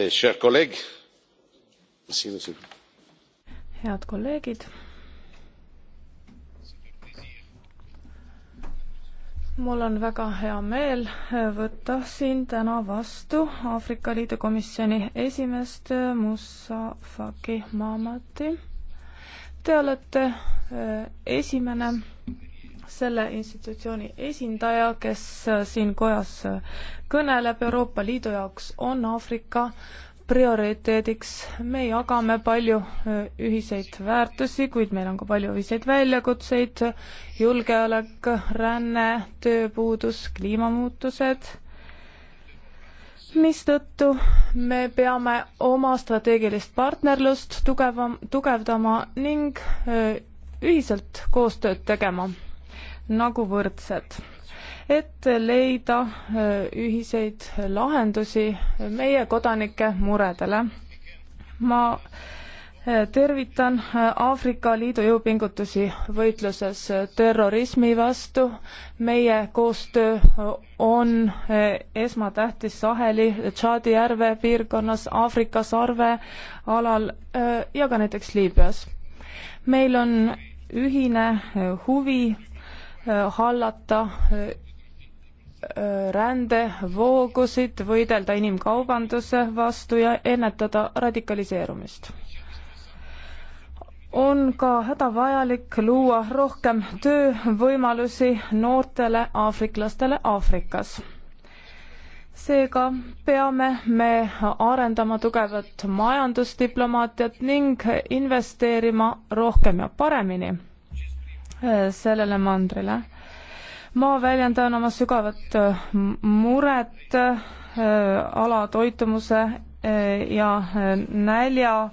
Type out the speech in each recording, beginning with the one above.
Eh, head kolleegid mul on väga hea meel eh, võtta siin täna vastu aafrika liidu komisjoni esimeest eh, moussa faki mahamati te olete esimene selle institutsiooni esindaja, kes siin kojas kõneleb, Euroopa Liidu jaoks on Aafrika prioriteediks, me jagame palju ühiseid väärtusi, kuid meil on ka palju ühiseid väljakutseid, julgeolek, ränne, tööpuudus, kliimamuutused mistõttu me peame oma strateegilist partnerlust tugevam, tugevdama ning ühiselt koostööd tegema nagu võrdsed, et leida äh, ühiseid lahendusi meie kodanike muredele. ma äh, tervitan äh, Aafrika Liidu jõupingutusi võitluses terrorismi vastu. meie koostöö on esmatähtis Saheli, Tšaadi järve piirkonnas, Aafrika sarve alal ja ka näiteks Liibüas. meil on ühine huvi Äh, hallata äh, äh, rändevoogusid, võidelda inimkaubanduse vastu ja ennetada radikaliseerumist. on ka hädavajalik luua rohkem töövõimalusi noortele aafriklastele Aafrikas seega peame me arendama tugevat majandusdiplomaatiat ning investeerima rohkem ja paremini sellele mandrile. ma väljendan oma sügavat äh, muret äh, ala toitumuse äh, ja nälja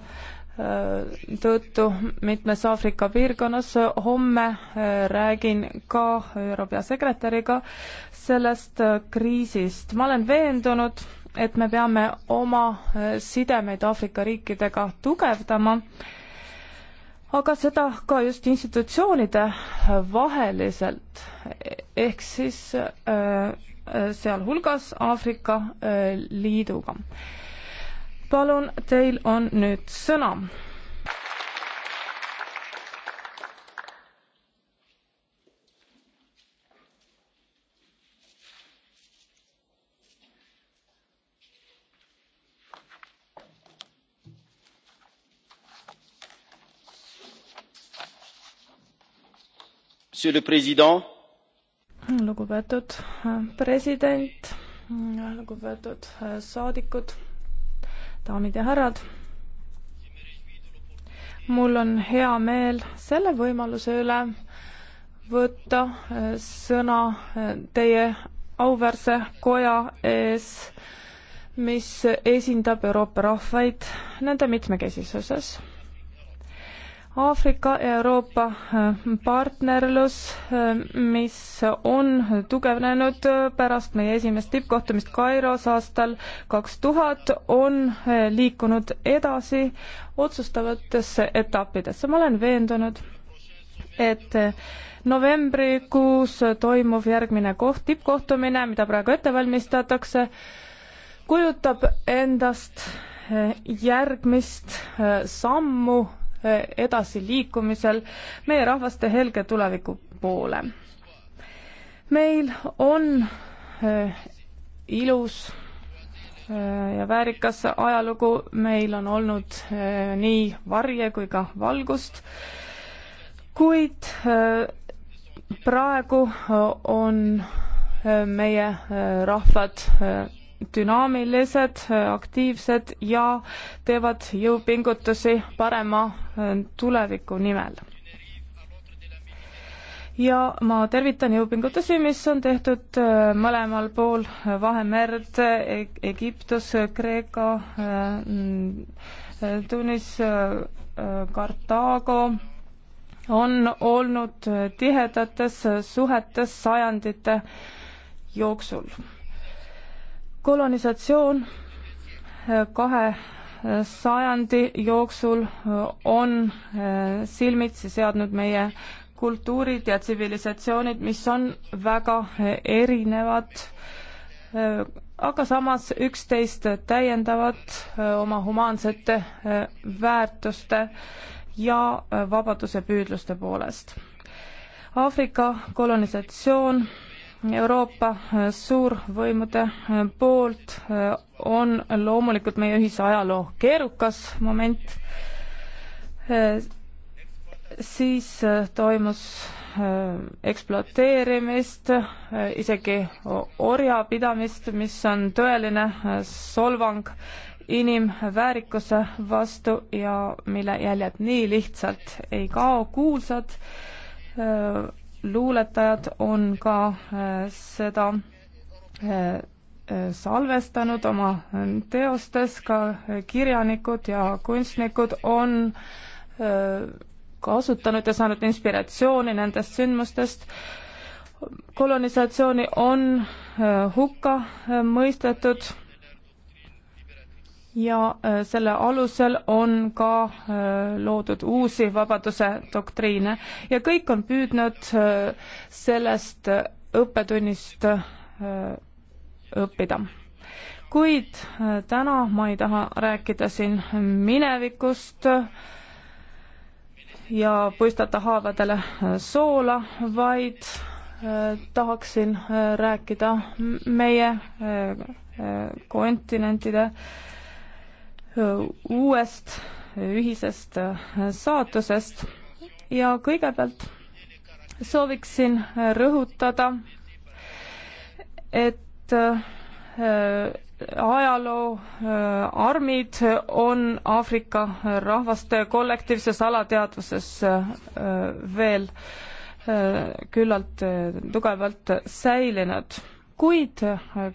tõttu mitmes Aafrika piirkonnas. homme räägin ka ÜRO peasekretäriga sellest kriisist. ma olen veendunud, et me peame oma sidemeid Aafrika riikidega tugevdama aga seda ka just institutsioonide vaheliselt, ehk siis äh, sealhulgas Aafrika äh, Liiduga. palun, teil on nüüd sõna lugupeetud äh, president lugupeetud äh, saadikud daamid ja härrad mul on hea meel selle võimaluse üle võtta äh, sõna teie auväärse koja ees mis esindab euroopa rahvaid nende mitmekesisuses Aafrika ja Euroopa äh, partnerlus, äh, mis on tugevnenud äh, pärast meie esimest tippkohtumist Kairos aastal kaks tuhat, on liikunud edasi otsustavatesse etappidesse. ma olen veendunud, et novembrikuus toimuv järgmine koht, tippkohtumine, mida praegu ette valmistatakse, kujutab endast järgmist sammu edasiliikumisel meie rahvaste helge tuleviku poole. meil on äh, ilus äh, ja väärikas ajalugu, meil on olnud äh, nii varje kui ka valgust, kuid praegu on meie rahvad dünaamilised, aktiivsed ja teevad jõupingutusi parema äh, tuleviku nimel. ja ma tervitan jõupingutusi, mis on tehtud äh, mõlemal pool äh, Vahemerd e, Egiptus, Kreeka, mm, Tunis, Kartaago on olnud tihedates suhetes sajandite jooksul kolonisatsioon eh, kahe eh, sajandi jooksul eh, on silmitsi seadnud meie kultuurid ja tsivilisatsioonid, mis on väga erinevad, aga samas üksteist täiendavad oma humaansete väärtuste ja vabadusepüüdluste poolest. Aafrika kolonisatsioon Euroopa äh, suurvõimude äh, poolt äh, on loomulikult meie ühise ajaloo keerukas moment. siis toimus ekspluateerimist, isegi orjapidamist, mis on tõeline solvang inimväärikuse vastu ja mille jäljed nii lihtsalt ei kao, kuulsad luuletajad on ka äh, seda äh, äh, salvestanud oma teostes, ka kirjanikud ja kunstnikud on kasutanud ja saanud inspiratsiooni nendest sündmustest. kolonisatsiooni on hukka mõistetud ja äh, selle alusel on ka äh, loodud uusi vabaduse doktriine ja kõik on püüdnud äh, sellest õppetunnist õppida. kuid täna ma ei taha rääkida siin minevikust ja puistata haavadele soola, vaid tahaksin rääkida meie kontinentide äh, uuest ühisest äh, saatusest ja kõigepealt sooviksin rõhutada, et äh, ajaloo äh, armid on Aafrika rahvaste kollektiivses alateadvuses veel küllalt tugevalt säilinud, kuid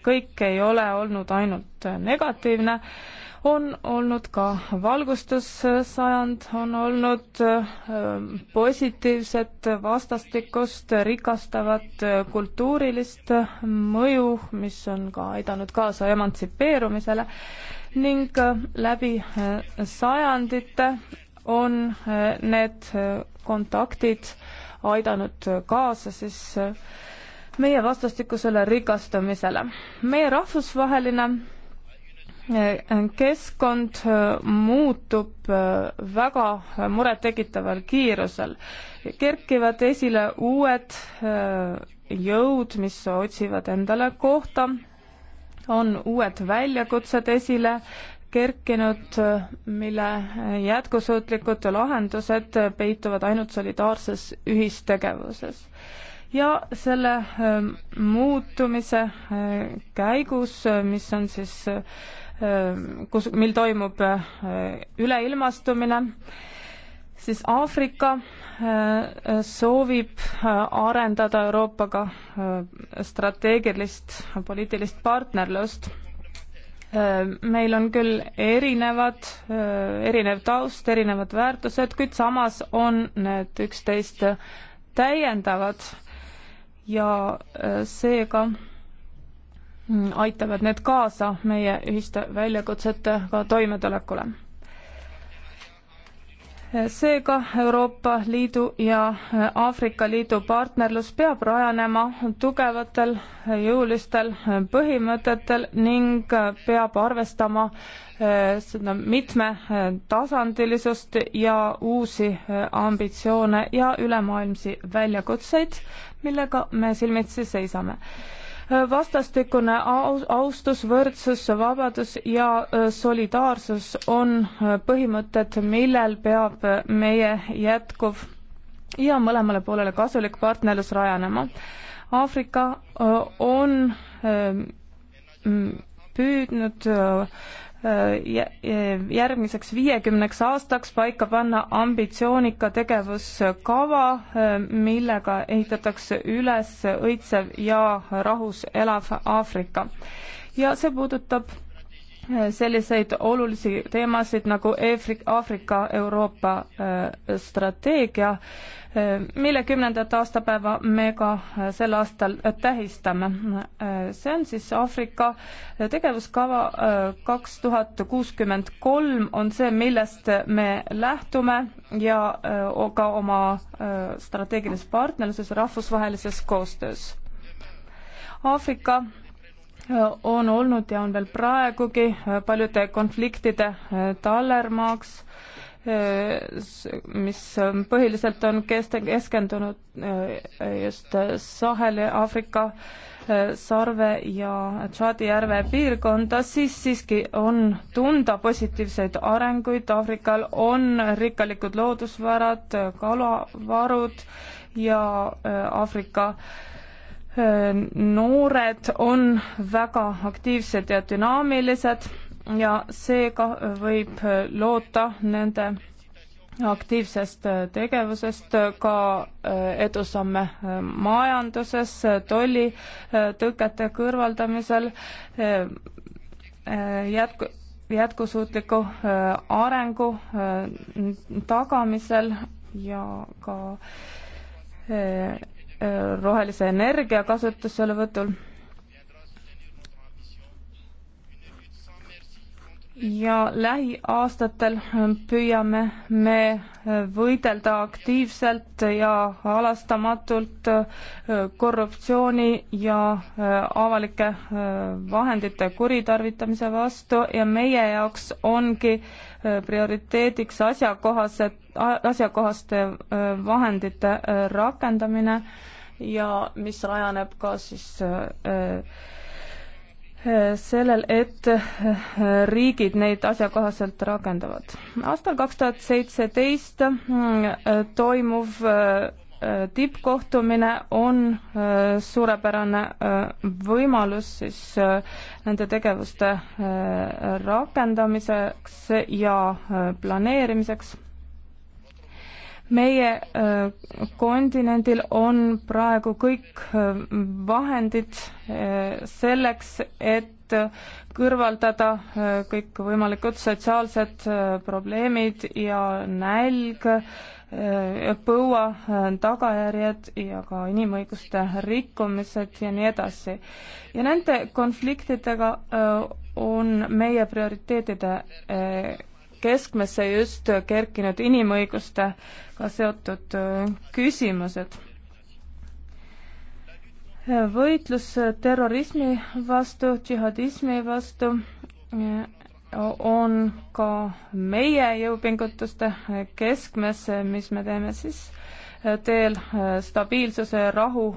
kõik ei ole olnud ainult negatiivne on olnud ka valgustussajand, on olnud ähm, positiivset vastastikust rikastavat äh, kultuurilist äh, mõju, mis on ka aidanud kaasa emantsipeerumisele ning äh, läbi sajandite on need kontaktid aidanud kaasa siis meie vastastikusele rikastamisele. meie rahvusvaheline keskkond äh, muutub äh, väga murettekitaval kiirusel. kerkivad esile uued äh, jõud, mis otsivad endale kohta, on uued väljakutsed esile kerkinud, mille jätkusuutlikud lahendused peituvad ainult solidaarses ühistegevuses ja selle muutumise käigus, mis on siis kus, mil toimub äh, üleilmastumine, siis Aafrika äh, soovib äh, arendada Euroopaga strateegilist poliitilist partnerlust. meil on küll erinevad, erinev taust, erinevad väärtused, kuid samas on need üksteist täiendavad ja seega Mm, aitavad need kaasa meie ühiste väljakutsetega toimetulekule. seega Euroopa Liidu ja äh, Aafrika Liidu partnerlus peab rajanema tugevatel äh, jõulistel äh, põhimõtetel ning peab arvestama seda mitmetasandilisust ja uusi ambitsioone ja ülemaailmsi väljakutseid, millega me silmitsi seisame vastastikune austus, võrdsus, vabadus ja äh, solidaarsus on äh, põhimõtted, millel peab äh, meie jätkuv ja mõlemale poolele kasulik partnerlus rajanema. Aafrika on püüdnud järgmiseks viiekümneks aastaks paika panna ambitsioonika tegevuskava, millega ehitatakse üles õitsev ja rahus elav Aafrika. ja see puudutab selliseid olulisi teemasid nagu Aafrika Euroopa äh, strateegia, äh, mille kümnendat aastapäeva me ka äh, sel aastal tähistame. see on siis Aafrika tegevuskava kaks tuhat kuuskümmend kolm on see, millest me lähtume ja ka oma strateegilises partnerluses, rahvusvahelises koostöös. Aafrika on olnud ja on veel praegugi paljude konfliktide äh, tallermaaks, äh, mis ähm, põhiliselt on keskendunud äh, just Saheli, Aafrika sarve ja Tšaadi järve piirkonda, siis siiski on tunda positiivseid arenguid, Aafrikal on rikkalikud loodusvarad, kalavarud ja Aafrika äh, noored on väga aktiivsed ja dünaamilised ja seega võib loota nende aktiivsest tegevusest ka edusamme majanduses, tollitõkete kõrvaldamisel, jätku, jätkusuutliku arengu tagamisel ja ka rohelise energia kasutuselevõtul ja lähiaastatel püüame me võidelda aktiivselt ja halastamatult äh, korruptsiooni ja äh, avalike äh, vahendite kuritarvitamise vastu ja meie jaoks ongi prioriteediks asjakohased, asjakohaste vahendite rakendamine ja mis rajaneb ka siis äh, sellel, et äh, riigid neid asjakohaselt rakendavad. aastal kaks tuhat seitseteist mm, toimuv äh, tippkohtumine on äh, suurepärane võimalus siis nende tegevuste rakendamiseks ja planeerimiseks meie äh, kontinendil on praegu kõik äh, vahendid äh, selleks, et kõrvaldada kõikvõimalikud sotsiaalsed probleemid ja nälg, põua tagajärjed ja ka inimõiguste rikkumised ja nii edasi. ja nende konfliktidega on meie prioriteetide keskmesse just kerkinud inimõigustega seotud äh, küsimused. võitlus terrorismi vastu, džihadismi vastu äh, on ka meie jõupingutuste keskmes, mis me teeme siis äh, teel stabiilsuse ja rahu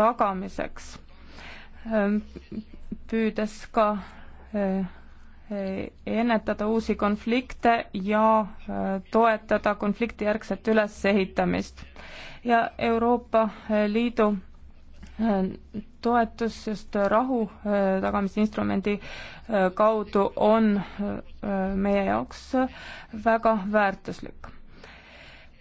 tagamiseks, püüdes ka Eh, ennetada uusi konflikte ja eh, toetada konfliktijärgset ülesehitamist. ja Euroopa eh, Liidu toetus just rahu tagamisinstrumendi kaudu on meie jaoks väga väärtuslik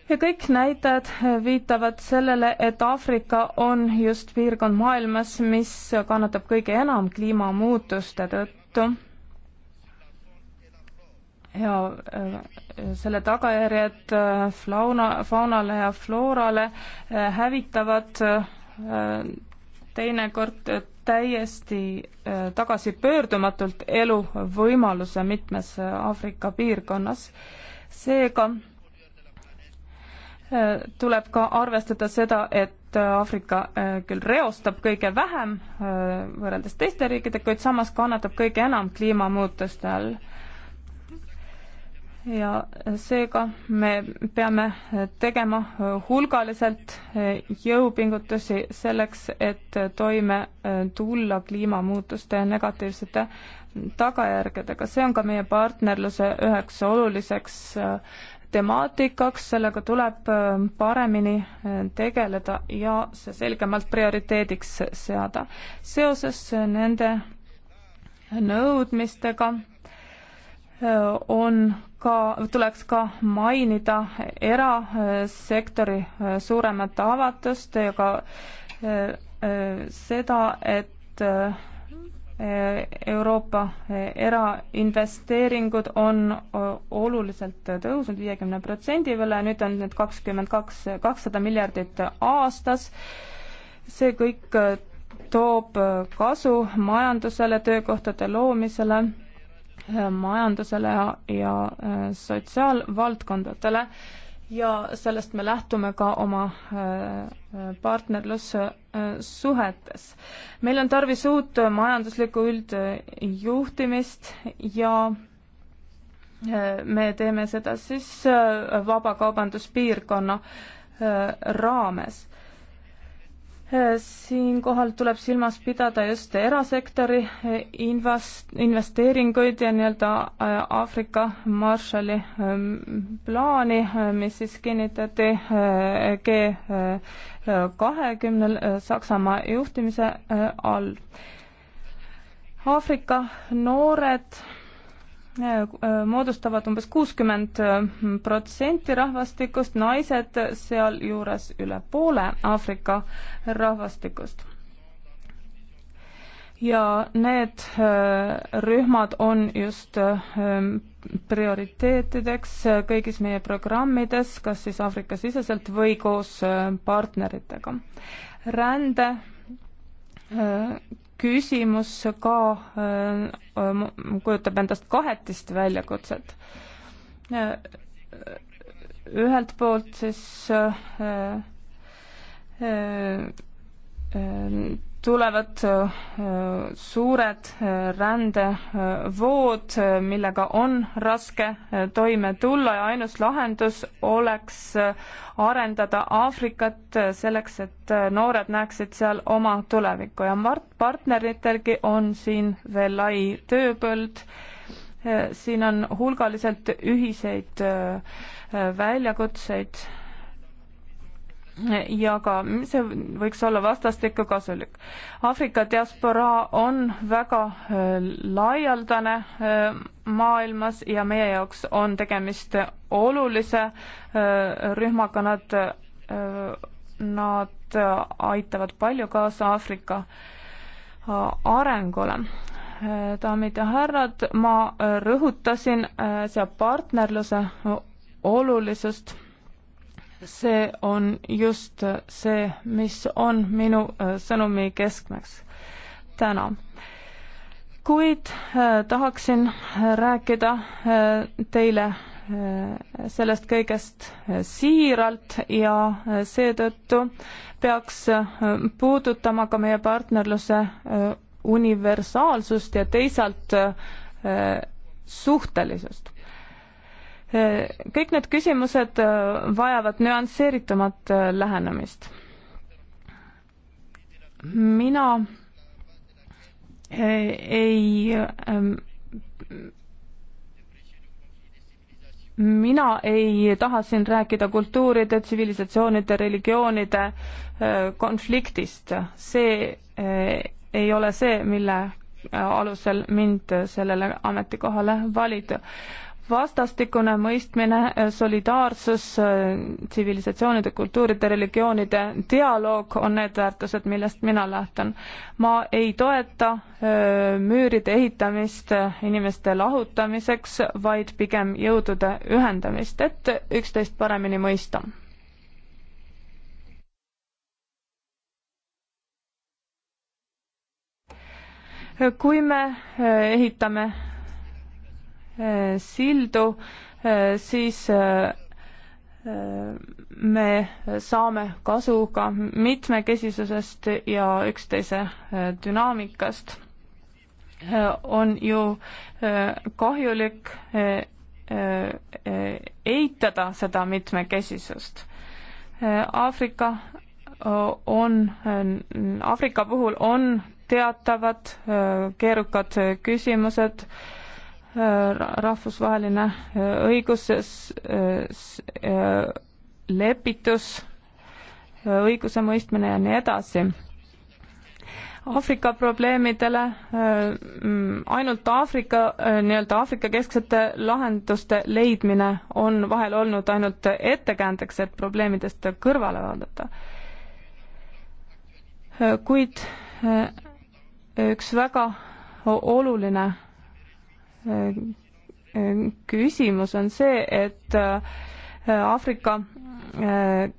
ja kõik näitajad viitavad sellele, et Aafrika on just piirkond maailmas, mis kannatab kõige enam kliimamuutuste tõttu ja äh, selle tagajärjed äh, flauna, faunale ja floorale äh, hävitavad teinekord täiesti tagasipöördumatult eluvõimaluse mitmes Aafrika piirkonnas. seega tuleb ka arvestada seda, et Aafrika küll reostab kõige vähem võrreldes teiste riikidega, kuid samas kannatab kõige enam kliimamuutuste all ja seega me peame tegema hulgaliselt jõupingutusi selleks, et toime tulla kliimamuutuste negatiivsete tagajärgedega. see on ka meie partnerluse üheks oluliseks äh, temaatikaks, sellega tuleb äh, paremini äh, tegeleda ja see selgemalt prioriteediks seada. seoses nende nõudmistega Äh, on ka, tuleks ka mainida erasektori äh, suuremat avatust ja ka äh, seda, et Euroopa erainvesteeringud on oluliselt tõusnud viiekümne protsendi peale, nüüd on need kakskümmend kaks, kakssada miljardit aastas. see kõik toob kasu majandusele, töökohtade loomisele Äh, majandusele ja äh, sotsiaalvaldkondadele ja sellest me lähtume ka oma äh, partnerlussuhetes. meil on tarvis uut majanduslikku üldjuhtimist ja me teeme seda siis vabakaubanduspiirkonna raames siinkohal tuleb silmas pidada just erasektori invest-, investeeringuid ja nii-öelda äh, Aafrika Marshalli ähm, plaani, äh, mis siis kinnitati äh, G kahekümnel Saksamaa juhtimise all. Aafrika noored Äh, moodustavad umbes kuuskümmend äh, protsenti rahvastikust, naised sealjuures üle poole Aafrika rahvastikust. ja need äh, rühmad on just prioriteetideks kõigis meie programmides, kas siis Aafrika-siseselt või koos partneritega. rände küsimus ka äh, kujutab endast kahetist väljakutset. Äh, ühelt poolt siis äh, tulevad äh, suured äh, rändevood, äh, millega on raske toime tulla ja ainus lahendus oleks arendada Aafrikat selleks, et noored näeksid seal oma tulevikku ja partneritelgi on siin veel lai tööpõld. siin on hulgaliselt ühiseid väljakutseid ja ka see võiks olla vastastikku kasulik. Aafrika diasporaa on väga äh, laialdane äh, maailmas ja meie jaoks on tegemist olulise äh, rühmaga, nad, nad aitavad palju kaasa Aafrika arengule daamid ja härrad, ma rõhutasin seal partnerluse olulisust see on just see, mis on minu äh, sõnumi keskmeks täna kuid äh, tahaksin äh, rääkida äh, teile äh, sellest kõigest äh, siiralt ja seetõttu peaks puudutama ka meie partnerluse universaalsust ja teisalt suhtelisust kõik need küsimused äh, vajavad nüansseeritumat äh, lähenemist. mina äh, ei ähm, mina ei taha siin rääkida kultuuride, tsivilisatsioonide, religioonide konfliktist. see ei ole see, mille alusel mind sellele ametikohale valida vastastikune mõistmine, solidaarsus, äh, tsivilisatsioonide, kultuuride, religioonide dialoog on need väärtused, millest mina lähtun. ma ei toeta äh, müüride ehitamist äh, inimeste lahutamiseks, vaid pigem jõudude ühendamist, et üksteist paremini mõista. kui me ehitame Eh, sildu, eh, siis eh, me saame kasu ka mitmekesisusest ja üksteise dünaamikast. on ju kahjulik eitada seda mitmekesisust. Aafrika on, Aafrika puhul on teatavad keerukad küsimused äh, rahvusvaheline äh, õigus, äh, lepitus, äh, õigusemõistmine ja nii edasi. Aafrika probleemidele mm, ainult Aafrika, nii-öelda Aafrika-kesksete lahenduste leidmine on vahel olnud ainult ettekäändeks, et probleemidest kõrvale vaadata. kuid üks väga oluline küsimus on see, et äh, Aafrika äh,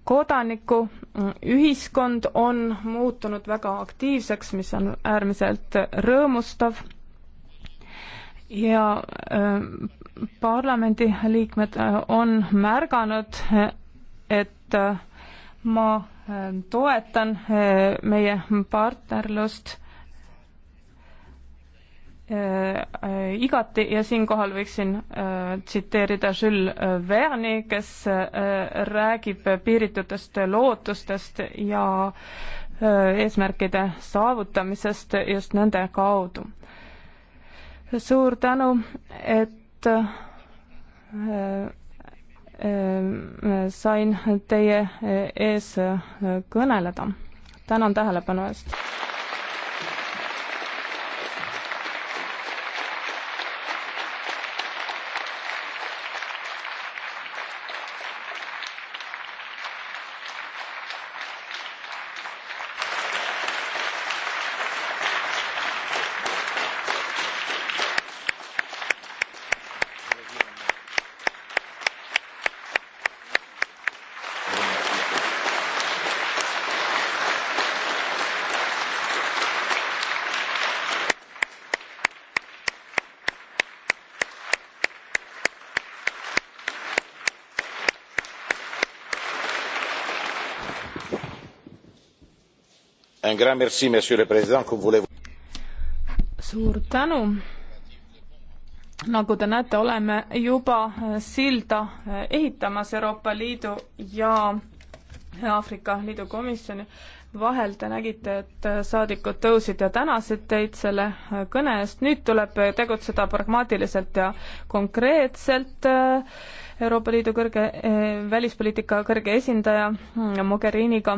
kodanikuühiskond mm, on muutunud väga aktiivseks, mis on äärmiselt rõõmustav ja äh, parlamendiliikmed on märganud, et ma toetan meie partnerlust Äh, äh, igati ja siinkohal võiksin äh, tsiteerida Jules Verne'i, kes räägib piiritutest lootustest ja eesmärkide saavutamisest just nende kaudu. suur tänu, et sain teie ees kõneleda. tänan tähelepanu eest! suur tänu nagu te näete oleme juba äh, silda äh, ehitamas euroopa liidu ja aafrika liidu komisjoni vahel te nägite, et äh, saadikud tõusid ja tänasid teid selle kõne eest, nüüd tuleb tegutseda pragmaatiliselt ja konkreetselt. Euroopa Liidu kõrge, välispoliitika kõrge esindaja mm, Mogheriniga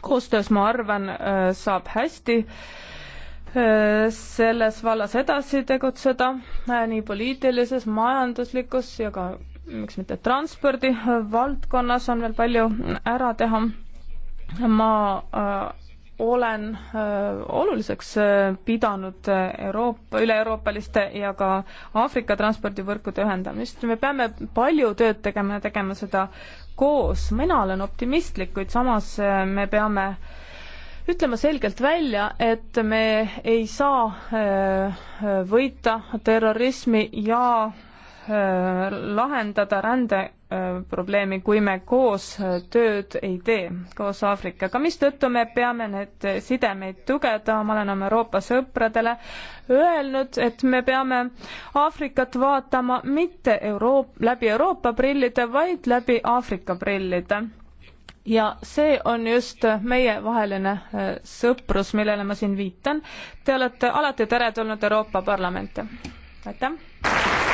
koostöös, ma arvan, äh, saab hästi äh, selles vallas edasi tegutseda, äh, nii poliitilises, majanduslikus ja ka miks mitte transpordi valdkonnas on veel palju ära teha. ma olen oluliseks pidanud Euroopa, üle-euroopaliste ja ka Aafrika transpordivõrkude ühendamist. me peame palju tööd tegema ja tegema seda koos. mina olen optimistlik, kuid samas me peame ütlema selgelt välja, et me ei saa võita terrorismi ja lahendada rände Äh, probleemi, kui me koos äh, tööd ei tee, koos Aafrikaga, mistõttu me peame need äh, sidemeid tugevdama, ma olen oma Euroopa sõpradele öelnud, et me peame Aafrikat vaatama mitte Euroop-, läbi Euroopa prillide, vaid läbi Aafrika prillide ja see on just meievaheline sõprus, millele ma siin viitan. Te olete alati teretulnud Euroopa Parlamenti. aitäh!